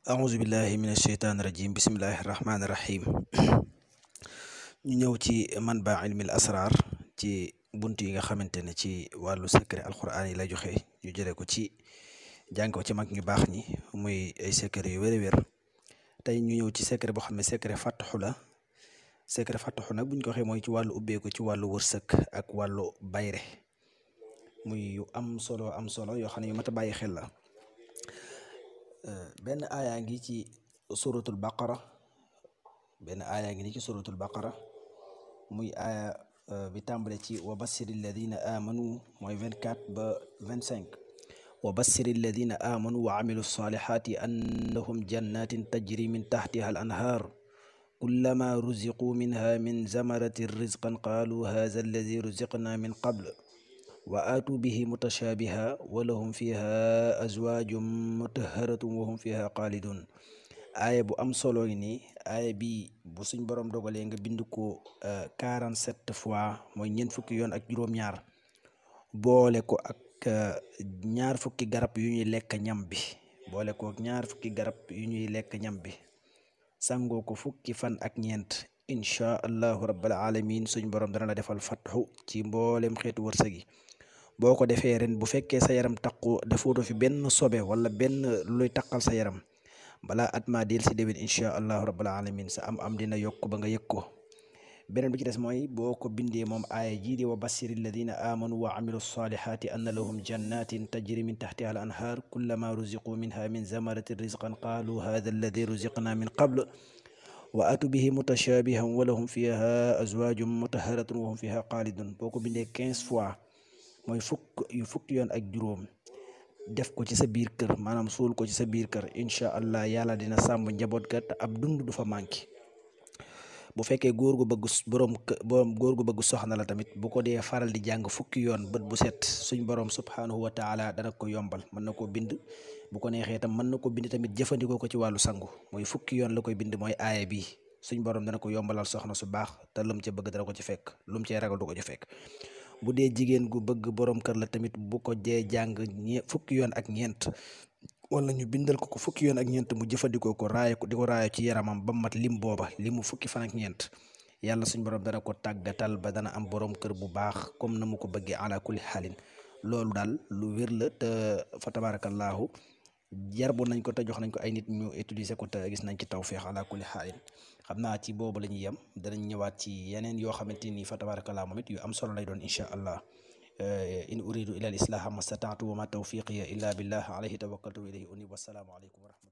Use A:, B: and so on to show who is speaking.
A: أعوذ بالله من الشيطان الرجيم بسم الله الرحمن الرحيم نيو تي منبع علم الأسرار تي بنتي يغا خامتاني تي والو سكري القرآن لا جوخي يو تي جانكو تي ماك ني باخ ني موي اي سكري وير وير تاي نيو تي سكري بو خامي سكري فتح لا سكري فتح نا بو نكو خي موي تي والو اوبيكو تي والو ورسك اك والو بايري موي يو ام سولو ام سولو يو خاني ماتا باي خيل آه، بين آية عنجيكي سورة البقرة بين آية عنجيكي سورة البقرة مي آية آه، بتامبلتي وبصر الذين آمنوا مي 24 ب 25 وبصر الذين آمنوا وعملوا الصالحات أنهم جنات تجري من تحتها الأنهار كلما رزقوا منها من زمرة رزقا قالوا هذا الذي رزقنا من قبل wa aatu bihi mutashaabiha wa lahum fiha azwaajum mutahharatum wa hum fiha xaalidun aaya bu am solo ni aaya bi bu suñ borom dogalee nga bind ko euh, quarante-sept fois mooy ñeent fukki yoon ak juróom-ñaar boole ko ak euh, ñaar fukki garab yu ñuy lekk ñam bi boole ko ñaar fukki garab yu ñuy lekk ñam bi sangoo ko fukki fan ak ñeent inchaa allahu rabbil alamin suñ borom dana la defal fatxu ci mboolem xeetu wërsëg yi boko defé ren bu fekkee sa yaram takku taqu dafuuto fi ben sobe wala ben luy takal sa yaram bala atma maa del si déwén incha allahu rabbal alamin sa am am dina yokk ba nga yekko benen bi ci dess moy boko bindé mom moom ji di wa bassir alladina amanu wa amilus salihati an lahum jannatin tajri min tahtiha al anhar kullama ruziqu minha min zamaratir rizqan qalu hadha alladhi ruziqna min qabl واتوا به متشابها ولهم فيها ازواج fiha وهم فيها قالدون بوكو fiha 15 boo fois mooy fukk yu fukki yoon ak juróom def ko ci sa biir kër maanaam suul ko ci sa biir kër incha allah yàlla dina sàmm njaboot ga te ab dund du fa manqué bu fekkee góor gu bëgg borom borom góor gu bëgg soxna la tamit bu ko dee faral di jàng fukki yoon bët bu set suñ borom subhaanahu wa taala dana ko yombal mën na koo bind bu ko neexee tam mën na ko bind tamit jëfandikoo ko ci wàllu sangu mooy fukki yoon la koy bind mooy aaya bi suñ borom dana ko yombalal soxna su baax te lum ci bëgg dana ko ci fekk lum cee ragal du ko ci fekk. bu dee jigéen gu bëgg borom kër la tamit bu ko jee jàng ñe fukki yoon ak ñeent wala ñu bindal ko ko fukki yoon ak ñeent mu jëfandikoo ko raaya ko di ko raaya ci yaramam ba mat lim booba limu fukki fan ak ñeent yàlla suñ borom dana ko tàggatal ba dana am boroom kër bu baax comme na mu ko bëggee ala kulli xaalin loolu daal lu wér la te fa tabaarakallaahu jarbu nañ ko te jox nañ ko ay nit ñu utiliser ko te gis nañ ci tawféex ala kulli xaalin xam naa ci boobu la ñuy yem danañ ñëwaat ci yeneen yoo xamante ni fa tabarakallah moom yu am solo lay doon incha allah eh, in uridu ila al islaha mastata'tu wa ma tawfiqiya illa billah alayhi tawakkaltu wa ilayhi unib wassalaamu aleykum wa